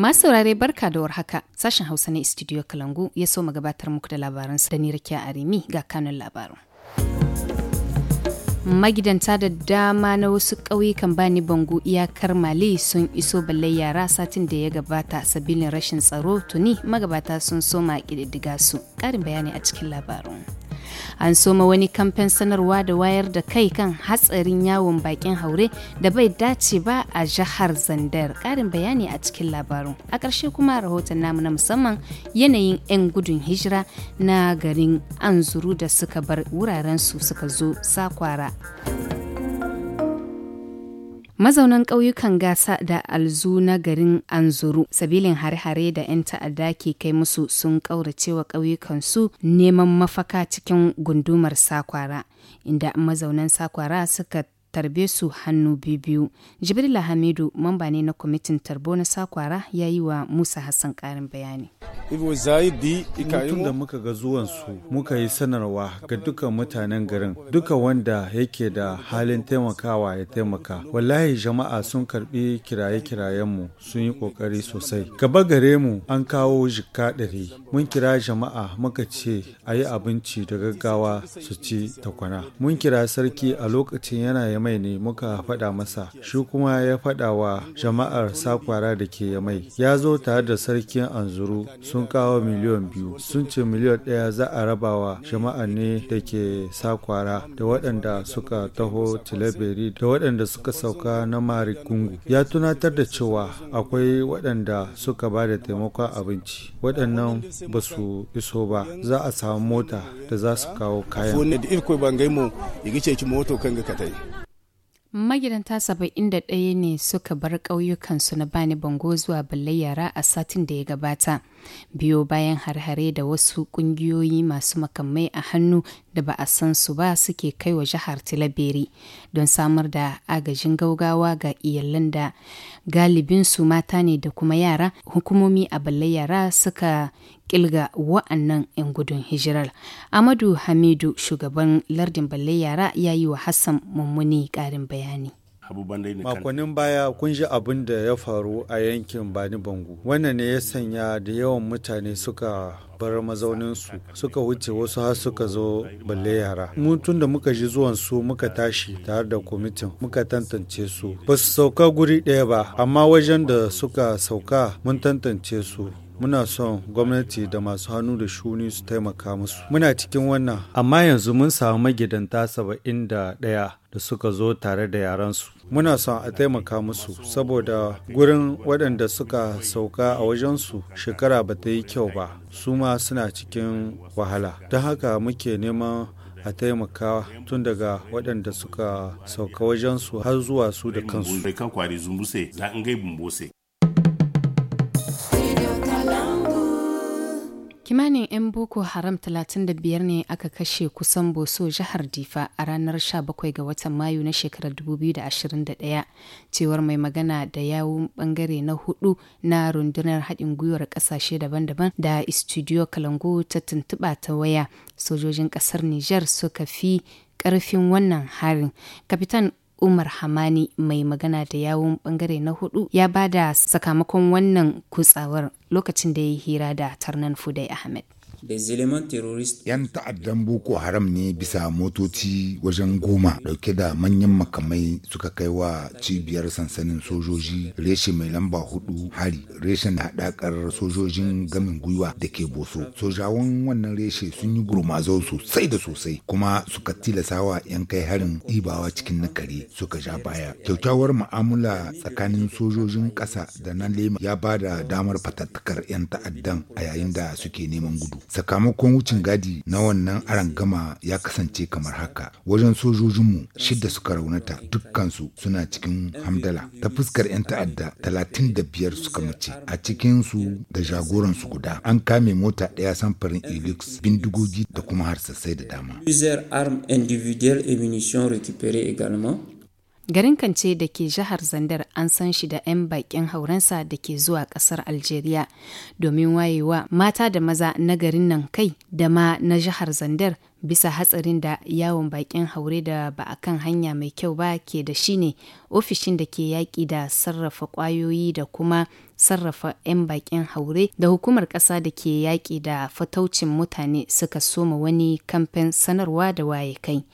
Masu saurare barka da warhaka sashen Hausa na Studio Kalangu ya so gabatar muku da labaransa da ni Rakiya Arimi ga kanun labarin. Magidanta da dama na wasu ƙauyukan bani bangu iyakar Mali sun iso balle yara satin da ya gabata sabilin rashin tsaro tuni magabata sun soma ƙididdiga su. karin bayani a cikin labarin. An soma wani kamfen sanarwa da wayar da kai kan hatsarin yawon bakin haure da bai dace ba a jihar Zandar. karin bayani a cikin labarun A ƙarshe kuma rahoton namu na musamman yanayin 'yan gudun hijira na garin Anzuru da suka bar wurarensu suka zo sakwara. mazaunan ƙauyukan gasa da alzu na garin anzuru sabilin hare-hare da 'yan ta'adda ke kai musu sun ƙauracewa ƙauyukansu neman mafaka cikin gundumar sakwara inda mazaunan sakwara suka tarbe su hannu biyu jibrila hamidu mamba ne na kwamitin tarbo na sakwara ya yi wa musa hassan karin bayani mutum da muka ga zuwansu muka yi sanarwa ga duka mutanen garin duka wanda yake da halin taimakawa ya taimaka wallahi jama'a sun karbi kiraye-kirayenmu sun yi kokari sosai gaba gare mu an kawo jikka ɗari mun kira jama'a muka ce a yi abinci da gaggawa su ci takwana mun kira sarki a lokacin yana mai ne muka faɗa masa, shi kuma ya faɗa wa jama'ar sakwara da ke Yamai. Ya zo tare da sarkin Anzuru sun kawo miliyan biyu, sun ce miliyan ɗaya za a rabawa jama'a ne da ke sakwara da waɗanda suka taho Tilaberi da waɗanda suka sauka na Marigungu. Ya tunatar da cewa akwai waɗanda suka ba da taimakon abinci, waɗannan ba su iso ba, za a samu mota da za su kawo kayan. Magidanta saba'in da ɗaya ne suka bar ƙauyukansu na Bani Bango zuwa Balle yara a satin da ya gabata. biyo bayan harhare da wasu kungiyoyi masu makamai a hannu da ba a san su ba suke kai wa jihar tilaberi don samar da agajin gaugawa ga iyalan da galibin su mata ne da kuma yara hukumomi a balle yara suka kilga wa'annan 'yan gudun hijirar amadu hamidu shugaban lardin balle yara ya yi wa hassan mummuni ƙarin bayani abubuwan makonnin baya kun ji abin da ya faru a yankin bani bangu wannan ne ya sanya da yawan mutane suka bar mazauninsu suka wuce wasu har suka zo balle yara mu tun da muka ji zuwan su muka tashi tare da kwamitin muka tantance su ba su sauka guri ɗaya ba amma wajen da suka sauka mun tantance su muna son gwamnati da masu hannu da shuni su taimaka musu muna cikin wannan amma yanzu mun samu magidanta saba'in da ɗaya da suka zo tare da yaransu muna son a taimaka musu saboda gurin waɗanda suka sauka a wajensu shekara ba ta yi kyau ba su ma suna cikin wahala don haka muke neman a taimaka tun daga waɗanda suka sauka wajensu har zuwa su da kansu Kimanin 'yan Boko Haram 35 ne aka kashe kusan boso jihar Difa a ranar 17 ga watan Mayu na shekarar 2021, cewar mai magana da yawun bangare na hudu na rundunar haɗin gwiwar ƙasashe daban-daban da Istudiyo Kalango ta tuntuɓa ta waya. Sojojin ƙasar Nijar suka fi ƙarfin wannan harin. Kapitan Umar Hamani mai magana da yawun bangare na hudu ya bada sakamakon wannan kutsawar lokacin da ya yi hira da Tarnan Fudai Ahmed. 'Yan ta'addan Boko Haram ne bisa motoci wajen goma dauke da manyan makamai suka kai wa cibiyar sansanin sojoji reshe mai lamba hudu hari reshen haɗakar sojojin gamin gwiwa da ke boso. Sojawan wannan reshe sun yi gurmazo sosai da sosai kuma suka tilasawa 'yan kai harin ibawa cikin nakari suka ja baya. Kyautawar mu'amala tsakanin sojojin ƙasa da na lema ya ba da damar fatattakar 'yan ta'addan a yayin da suke neman gudu. sakamakon wucin gadi na wannan arangama ya kasance kamar haka wajen sojojinmu shidda suka raunata dukkansu suna cikin hamdala ta fuskar 'yan ta'adda talatin da biyar suka mace a cikinsu da jagoransu guda an kame mota ɗaya samfarin elix bindigogi da kuma harsassai da dama Garin Kance da ke jihar Zandar an san shi da 'yan bakin haurensa da ke zuwa kasar Algeria domin wayewa mata da maza na garin nan kai da ma na jihar Zandar bisa hatsarin da yawon bakin haure da ba a kan hanya mai kyau ba ke da shi ne ofishin da ke yaƙi da sarrafa ƙwayoyi da kuma sarrafa 'yan bakin haure da hukumar ƙasa da ke yaƙi da fataucin mutane suka soma wani kamfen sanarwa da waye kai.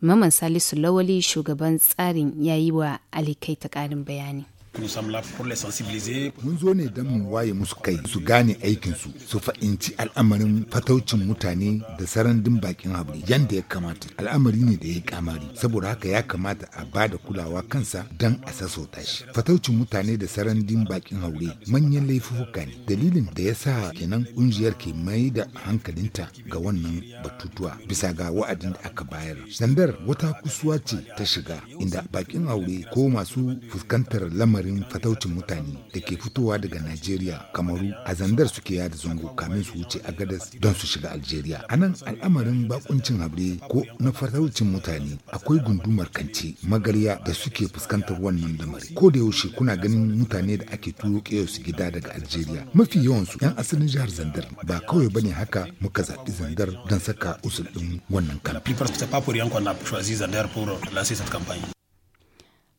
Maman Salisu Lawali shugaban tsarin yayi wa Alikai ta ƙarin bayani. Mun zo ne don mu waye musu kai su gane aikinsu su fa'inci al'amarin fataucin mutane da sarandin bakin habri yadda ya kamata. Al'amari ne da ya kamari saboda haka ya kamata a ba da kulawa kansa don a sassauta shi. Fataucin mutane da sarandin bakin haure manyan laifuka ne. Dalilin da ya sa kenan kungiyar ke mai da hankalinta ga wannan batutuwa bisa ga wa'adin da aka bayar. Sandar wata kusuwa ce ta shiga inda bakin haure ko masu fuskantar lamarin al'amarin fataucin mutane da ke fitowa daga Najeriya, Kamaru, a zandar suke yada zango kamin su wuce a gadas don su shiga Algeria. A nan al'amarin bakuncin habre ko na fataucin mutane akwai gundumar kance magarya da suke fuskantar wannan lamari. Ko da yaushe kuna ganin mutane da ake turo su gida daga Algeria. Mafi yawansu 'yan asalin jihar Zandar ba kawai bane haka muka zaɓi Zandar don saka usul ɗin wannan kamfe.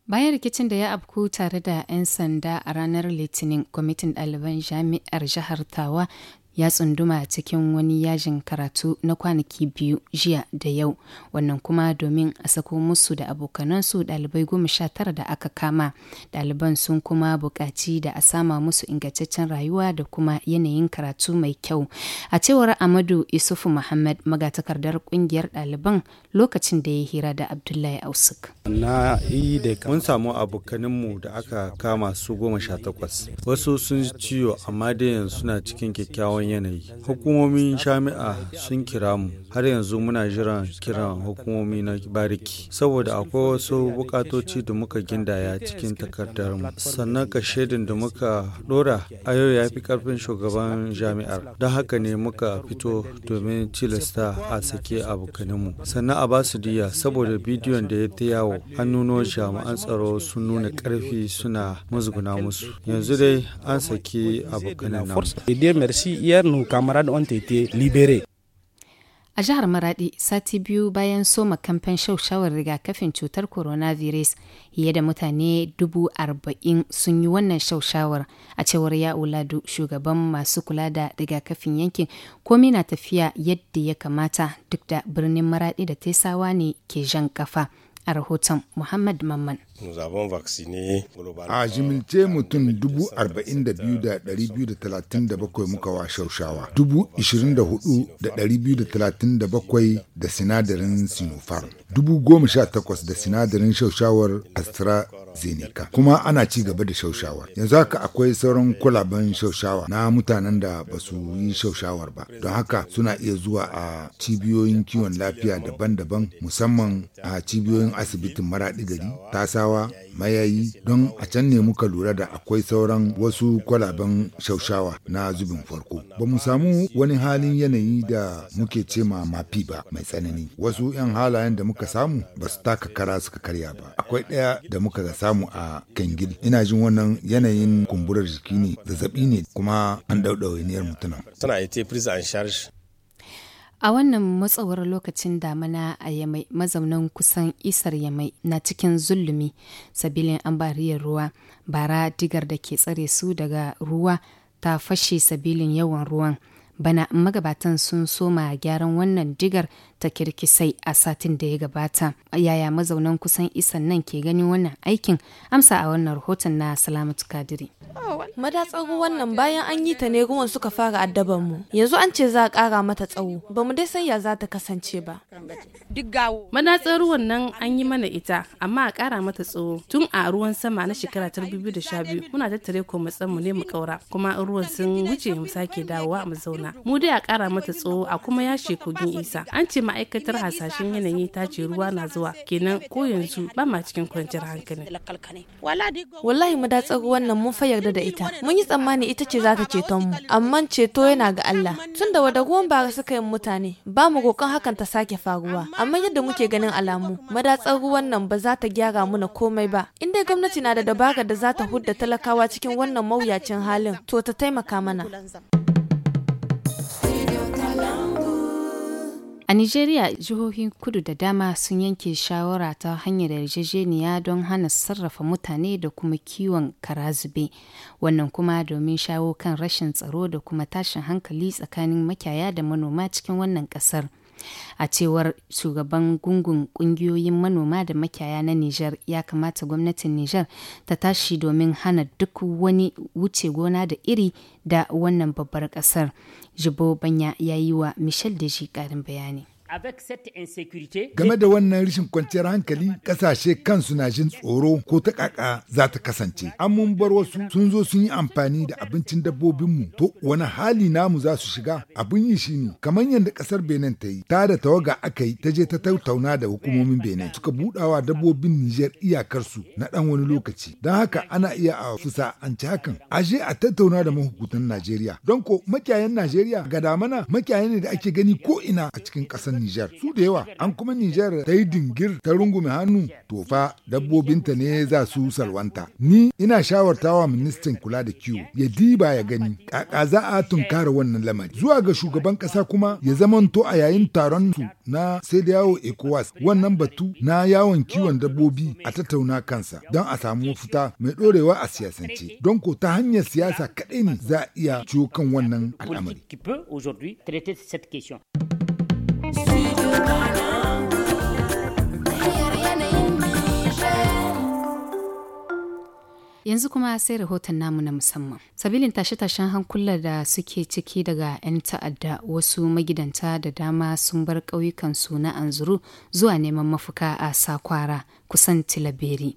Bayan rikicin da ya abku tare da 'yan sanda a ranar Litinin, kwamitin ɗaliban jami'ar jihar Tawa ya tsunduma cikin wani yajin karatu na kwanaki biyu jiya da yau wannan kuma domin a sako musu da abokanansu ɗalibai goma sha tara da aka kama ɗaliban sun kuma buƙaci da a sama musu ingantaccen rayuwa da kuma yanayin karatu mai kyau a cewar amadu isufu muhammad magatakardar ƙungiyar ɗaliban lokacin da ya hira da abdullahi ausuk na yi da mun samu abokaninmu da aka kama su goma sha takwas wasu sun ciwo amma da yanzu suna cikin kyakkyawan yanayi hukumomin jami'a sun kira mu har yanzu muna jiran kiran hukumomi na bariki saboda akwai wasu bukatoci da muka gindaya cikin takardar mu sannan ka shaidin da muka dora a yau ya fi karfin shugaban jami'ar don haka ne muka fito domin cilasta a sake abokaninmu sannan a ba su diya saboda bidiyon da ya ta yawo an jami'an tsaro sun nuna karfi suna musguna musu yanzu dai an saki abokanin nan. Hier, camarades ont été libérés. A jihar Maradi, sati biyu bayan soma kamfen shaushawar rigakafin cutar coronavirus, fiye da mutane dubu arba'in sun yi wannan shaushawar a cewar ya uladu shugaban masu kula da rigakafin yankin komi na tafiya yadda ya kamata duk da birnin Maradi da Tesawa ne ke jan kafa a rahoton Muhammad Mamman. A jimilce mutum 42,237 muka wa shaushawa, 24,237 da sinadarin Sinopharm, 18,000 da sinadarin shaushawar Astrazeneca. kuma ana ci gaba da shaushawar yanzu haka akwai sauran kulaben shaushawa na mutanen da ba su yi shaushawar ba don haka suna iya zuwa a cibiyoyin kiwon lafiya daban-daban musamman a cibiyoyin asibitin maraɗi gari ta shaushawa mayayi don a can ne muka lura da akwai sauran wasu kwalaben shaushawa na zubin farko ba mu samu wani halin yanayi da muke ce ma mafi ba mai tsanani wasu 'yan halayen da muka samu ba su taka kara suka karya ba akwai ɗaya da muka ga samu a kengil ina jin wannan yanayin kumburar jiki ne zazzabi ne kuma an ɗauɗa wainiyar mutumin tana ita prise charge A wannan matsawar lokacin damana a Yamai mazaunan kusan isar Yamai na cikin zulumi sabilin ambariyar ruwa bara digar da ke tsare su daga ruwa ta fashe sabilin yawan ruwan bana magabatan sun soma gyaran wannan digar ta kirkisai a satin da ya gabata yaya mazaunan kusan isan nan ke ganin wannan aikin amsa a wannan rahoton na salamatu kadiri madatsar tsawo wannan bayan an yi ta ne ruwan suka fara addaban mu yanzu an ce za a kara mata tsawo ba mu dai san ya za ta kasance ba madatsar ruwan nan an yi mana ita amma a kara mata tsawo tun a ruwan sama na shekara ta biyu muna tattare ko mu ne mu kaura kuma ruwan sun wuce mu sake dawowa mu zauna mu dai a kara mata tsoho a kuma yashe kogin isa an ce ma'aikatar hasashen yanayi ta ce ruwa na zuwa kenan ko yanzu ba ma cikin kwanciyar hankali wallahi mu da ruwan nan mun yarda da ita mun yi tsammani ita ce za ta ceton mu amma ceto yana ga Allah tun da wada ruwan bara suka yi mutane ba mu gokan hakan ta sake faruwa amma yadda muke ganin alamu madatsar ruwan nan ba za ta gyara muna komai ba in dai gwamnati na da dabarar da za ta hudda talakawa cikin wannan mawuyacin halin to ta taimaka mana. A Nijeriya, jihohin kudu da dama sun yanke shawara ta hanyar yarjejeniya don hana sarrafa mutane da kuma kiwon karazube. Wannan kuma domin shawo kan rashin tsaro da kuma tashin hankali tsakanin makyaya da manoma cikin wannan ƙasar. A cewar shugaban gungun kungiyoyin manoma da makiyaya na Nijar ya kamata gwamnatin Nijar ta tashi domin hana duk wani wuce gona da iri da wannan babbar kasar. Jibo Banya ya yi wa Michel shi ƙarin bayani. Game da wannan rashin kwanciyar hankali, ƙasashe kansu na jin tsoro ko ta ƙaƙa za ta kasance. An mun bar wasu sun zo sun yi amfani da abincin dabbobinmu, to wani hali namu za su shiga? Abin yi shi ne, kamar yadda ƙasar Benin ta yi, ta da tawaga aka yi ta je ta tattauna da hukumomin Benin. Suka buɗawa dabbobin Nijar iyakarsu na ɗan wani lokaci. Don haka ana iya a fusa an ci hakan. Aje a tattauna da mahukutan Najeriya. Don ko makiyayan Najeriya ga damana makiyayan ne da ake gani ko ina a cikin ƙasar Nijar su da yawa an kuma Nijar ta yi dingir ta rungume hannu tofa dabbobinta ne za su salwanta. Ni ina shawartawa ministan kula da kiwo ya diba ya gani kaka za a tunkara wannan lamari. Zuwa ga shugaban kasa kuma ya zamanto a yayin taron su na sai da yawo ECOWAS wannan batu na yawon kiwon dabbobi a tattauna kansa don a samu mafita mai ɗorewa a siyasance. Don ko ta hanyar siyasa kaɗai ne za a iya ciwo kan wannan al'amari. yanzu kuma sai rahoton namu na musamman sabilin tashe-tashen hankula da suke ciki daga 'yan ta'adda wasu magidanta da dama sun bar ƙauyukansu na anzuru zuwa neman mafuka a sakwara kusan tilaberi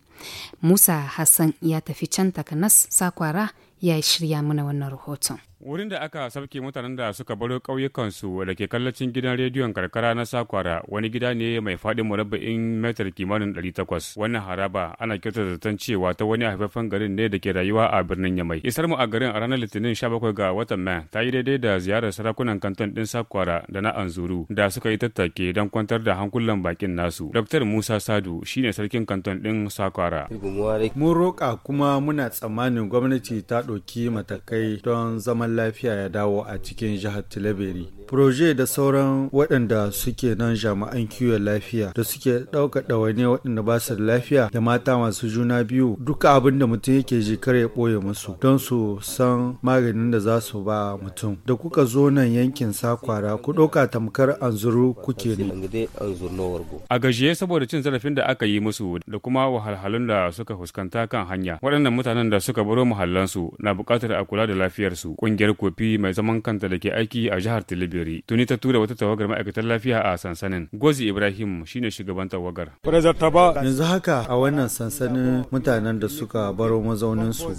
musa hassan ya tafi can takanas sakwara ya shirya mana wannan rahoton Wurin da aka sabke mutanen da suka baro ƙauyukansu da ke kallacin gidan rediyon karkara na Sakwara wani gida ne mai faɗin murabba'in metar kimanin 800. Wannan haraba ana kyautar zaton cewa ta wani haifafen garin ne da ke rayuwa a birnin Yamai. Isar mu a garin a ranar Litinin 17 ga watan Mai ta yi daidai da ziyarar sarakunan kanton ɗin Sakwara da na Anzuru da suka yi tattake don kwantar da hankulan bakin nasu. Dr. Musa Sadu shine sarkin kanton ɗin Sakwara. Mun roƙa kuma muna tsammanin gwamnati ta ɗauki matakai don zaman zaman lafiya ya dawo a cikin jihar Tilaberi. Proje da sauran waɗanda suke nan jami'an kiwon lafiya da suke ɗaukar ɗawane waɗanda ba su da lafiya da mata masu juna biyu duka abin da mutum yake ji kar ya ɓoye musu don su san maganin da za su ba mutum. Da kuka zo nan yankin sakwara ku ɗauka tamkar anzuru kuke ne. A gajiye saboda cin zarafin da aka yi musu da kuma wahalhalun da suka fuskanta kan hanya waɗannan mutanen da suka baro muhallansu na buƙatar a kula da lafiyarsu. yar kofi mai zaman kanta da ke aiki a jihar Tilibiri tuni ta tura wata tawagar ma'aikatar lafiya a sansanin. Gozi Ibrahim shine shugaban tawagar. Yanzu haka a wannan sansanin mutanen da suka baro su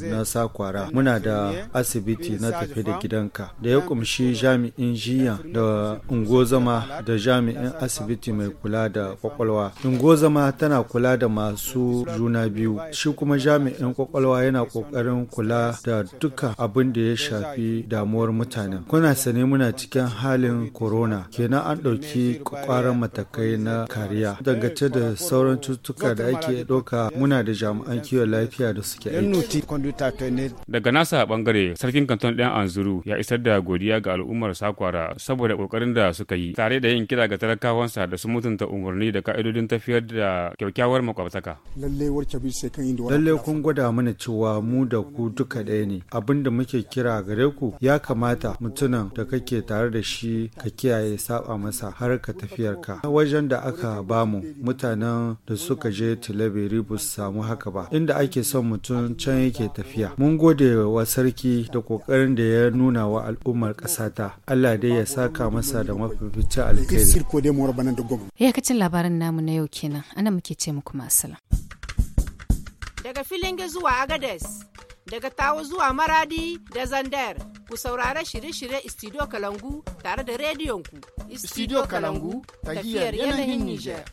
na sakwara muna da asibiti na tafi da gidanka da ya kumshi jami'in jiya da ungozama da jami'in asibiti mai kula da kwakwalwa. Ungozama tana kula da masu juna biyu shi kuma jami'in kwakwalwa yana kokarin kula da duka abin da ya shafi damuwar mutanen. Kuna sane muna cikin halin corona kenan an ɗauki ƙwarar matakai na kariya. Dangace da sauran cututtuka da ake ɗauka muna da jami'an kiwon lafiya da suke aiki. Daga nasa bangare sarkin kanton ɗan Anzuru ya isar da godiya ga al'ummar Sakwara saboda ƙoƙarin da suka yi tare da yin kira ga talakawansa da su mutunta umarni da ka'idodin tafiyar da kyakkyawar makwabtaka. Lallai kun gwada mana cewa mu da ku duka ɗaya ne abinda muke kira gare ku uku ya kamata mutunan da kake tare da shi ka kiyaye saba masa har ka tafiyar ka Wajen da aka bamu mutanen da suka je tilabiri ba samu haka ba inda ake son mutum can yake tafiya. Mun gode wa sarki da kokarin da ya nuna wa al'ummar ta Allah dai ya saka masa da mafificin alkhairi. Iyakacin labarin namu na yau kenan, ana muke ce muku masala. Daga filin zuwa Agades. daga tawo zuwa maradi da zandar ku saurara shirye-shirye studio kalangu tare da rediyonku studio kalangu tafiyar yanayin niger